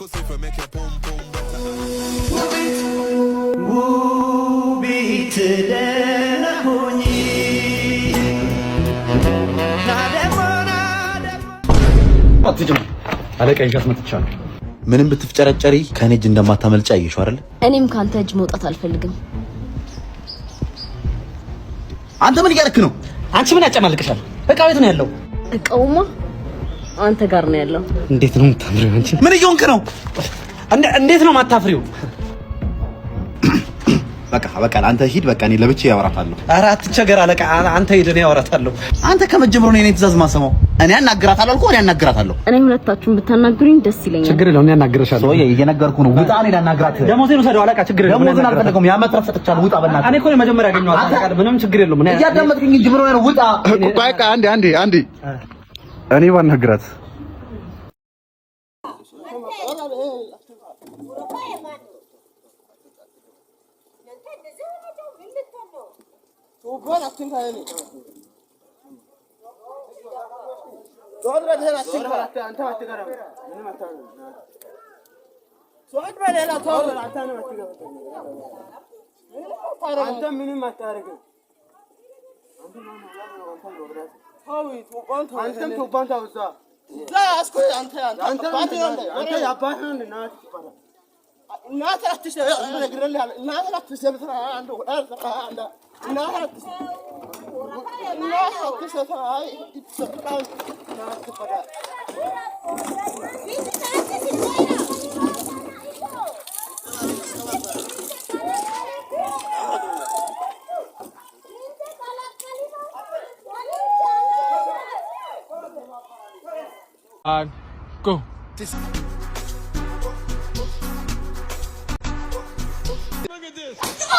cause if I make your pom pom አለቃ ይሻት መጥቻለሁ። ምንም ብትፍጨረጨሪ ከኔ እጅ እንደማታመልጫ አየሽ አይደል? እኔም ከአንተ እጅ መውጣት አልፈልግም። አንተ ምን እያደረክ ነው? አንቺ ምን ያጨማልቅሻል? እቃ ቤት ነው ያለው። እቃውማ አንተ ጋር ነው ያለው። እንዴት ነው የምታፍሪው? አንቺ ምን እየሆንክ ነው? እንዴት ነው የማታፍሪው? በቃ በቃ አንተ ሂድ። በቃ እኔ ለብቻ ያወራታለሁ። ኧረ አትቸገር አለቀ። አንተ ሂድ፣ እኔ ያወራታለሁ። አንተ ከመጀመሩ ነው የኔ ትእዛዝ ማሰማው። እኔ አናግራታለሁ እኮ እኔ አናግራታለሁ። እኔ ሁለታችሁም ብታናግሩኝ ደስ ይለኛል። ችግር የለውም፣ እኔ አናግርሻለሁ። ሰውዬ እየነገርኩ ነው። ውጣ፣ እኔ ላናግራት። ደሞዜን ውሰደው አለቃ። ችግር የለውም፣ ደሞዜን አልፈለገውም። ያ መትረፍ ሰጥቻለሁ። ውጣ፣ በእናትህ። እኔ እኮ ነው መጀመሪያ ያገኘኋት። ምንም ችግር የለውም። እያዳመጥኩኝ እንጂ ብሎ ነው። ውጣ። በቃ አንዴ አንዴ አንዴ እኔ ባናግራት ምንም አታደርግም። አንተም ቶባን ታውዛ እናት go. This Look at this. Oh!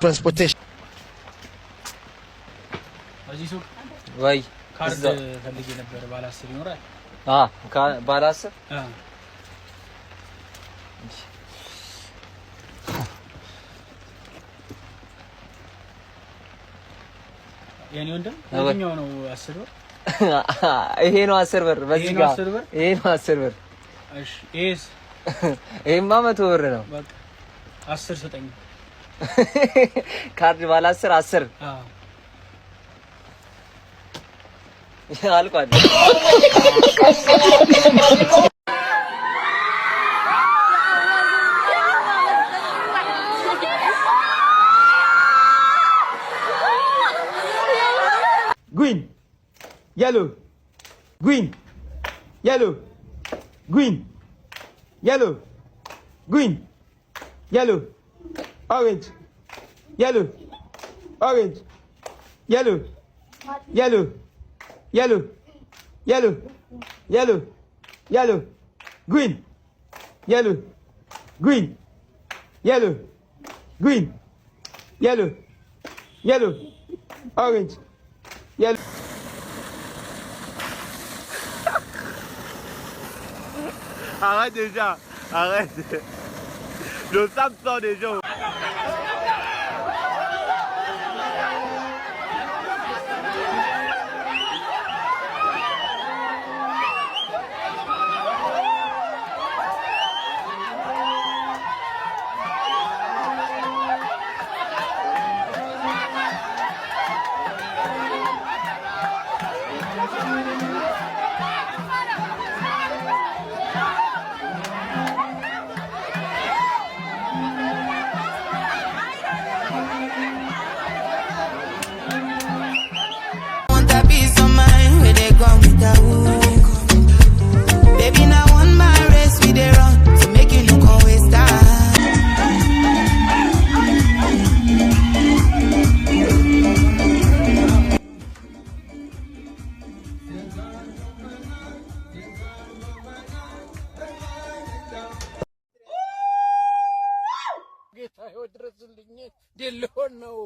Transportation. ወይ ካርድ ፈልጌ ነበር። ባለ ይኖራል? አዎ ባለ የኔ ወንድም የትኛው ነው አስር ብር ይሄ ነው አስር ብር በዚህ ጋር ይሄ ነው አስር ብር። እሺ ኤስ ይሄማ መቶ ብር ነው። በቃ አስር ሰጠኝ ካርድ ባለ አስር አስር አልቋል። ጉኝ yellow, green, yellow, green, yellow, green, yellow, orange, yellow, orange, yellow, yellow, yellow, yellow, yellow, yellow, green, yellow, green, yellow, green, yellow, yellow, orange. Arrête déjà, arrête. Je ça déjà. አለው። ድረስልኝ ድልሆን ነው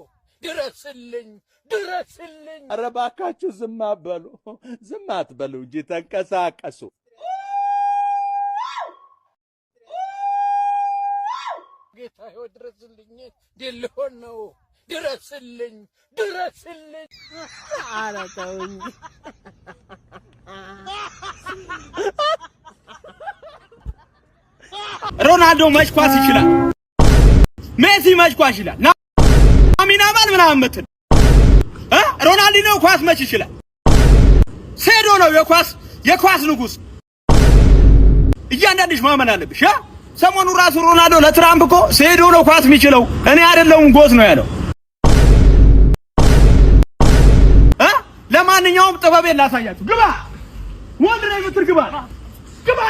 ድረስልኝ ድረስልኝ። ኧረ እባካችሁ ዝም አትበሉ፣ ዝም አትበሉ እንጂ ተንቀሳቀሱ። ጌታ ሆይ ድረስልኝ ድልሆን ነው ድረስልኝ ድረስልኝ። ኧረ ተው ሮናልዶ መች ኳስ ይችላል? ሜሲ መች ኳስ ይላል ላሚን ያማል ምናምን ምትል እ ሮናልዲኖ ኳስ መች ይችላል። ሴዶ ነው የኳስ የኳስ ንጉስ። እያንዳንድሽ ማመን አለብሽ። አ ሰሞኑ ራሱ ሮናልዶ ለትራምፕ እኮ ሴዶ ነው ኳስ የሚችለው እኔ አይደለሁም ጎዝ ነው ያለው። አ ለማንኛውም ጥበቤን ላሳያችሁ። ግባ ወንድ ነው የምትል ግባ ግባ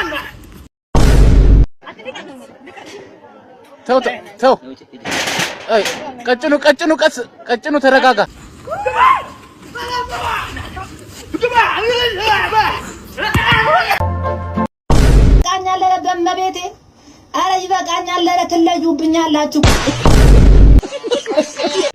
ተው ተው፣ አይ ቀጭኑ ቀጭኑ ቀስ ቀጭኑ ተረጋጋ። ይበቃኛል። ኧረ በመቤቴ፣ ኧረ ይበቃኛል። ኧረ ትለዩብኛላችሁ።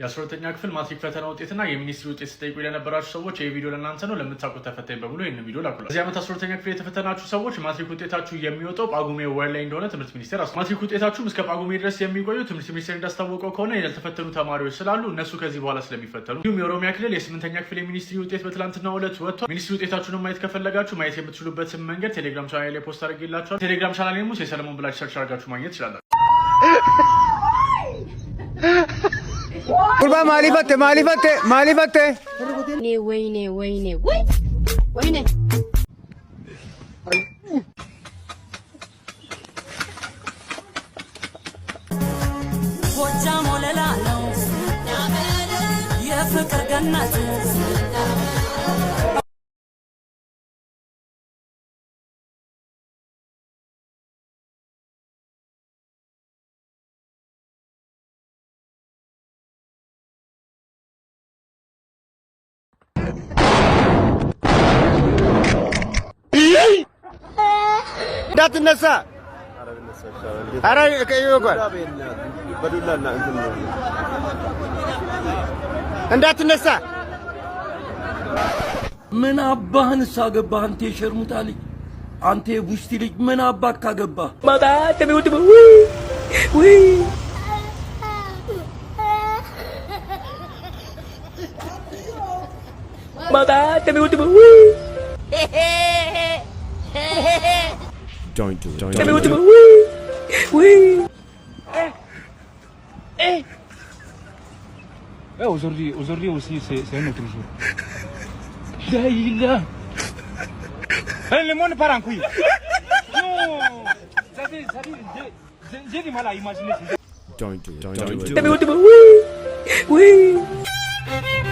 የአስራሁለተኛ ክፍል ማትሪክ ፈተና ውጤትና የሚኒስትሪ ውጤት ስጠይቁ ለነበራችሁ ሰዎች ይህ ቪዲዮ ለእናንተ ነው። ለምታውቁት ተፈታኝ በሙሉ ይህን ቪዲዮ ላኩላል። በዚህ ዓመት አስራሁለተኛ ክፍል የተፈተናችሁ ሰዎች ማትሪክ ውጤታችሁ የሚወጣው ጳጉሜ ወር ላይ እንደሆነ ትምህርት ሚኒስቴር አስ ማትሪክ ውጤታችሁም እስከ ጳጉሜ ድረስ የሚቆዩ ትምህርት ሚኒስቴር እንዳስታወቀው ከሆነ ያልተፈተኑ ተማሪዎች ስላሉ እነሱ ከዚህ በኋላ ስለሚፈተኑ፣ እንዲሁም የኦሮሚያ ክልል የስምንተኛ ክፍል የሚኒስትሪ ውጤት በትላንትና ዕለት ወጥቷል። ሚኒስትሪ ውጤታችሁን ማየት ከፈለጋችሁ ማየት የምትችሉበትን መንገድ ቴሌግራም ቻናል ላይ ፖስት አድርጌላችኋል። ቴሌግራም ቻናል ሙስ የሰለሞን ብላችሁ ሰርች አድርጋችሁ ማግኘት ትችላላችሁ። ቁርባ ማሊፈቴ ማሊፈቴ ማሊፈቴ ወይኔ ወይኔ ወይኔ ጎጃ ሞለላ ነው የፍቅር ገነት እንዳትነሳ። አረ ይወጓል እንዳትነሳ። ምን አባህን ሳገባህ አንተ የሸርሙጣ ልጅ፣ አንተ የቡሽቲ ልጅ ምን አባህ ካገባህ ማጣ Don't do it. Don't, do it. Wee! Wee! Eh! Eh! Eh, aujourd'hui, aussi, c'est un autre jour. Là, Eh, le monde part en couille. Non! j'ai du mal à imaginer. Don't do it. Don't, do it. Wee! Wee!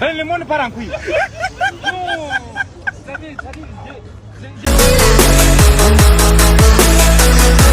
Hein, le monde part en couille. non, ça dit, ça dit,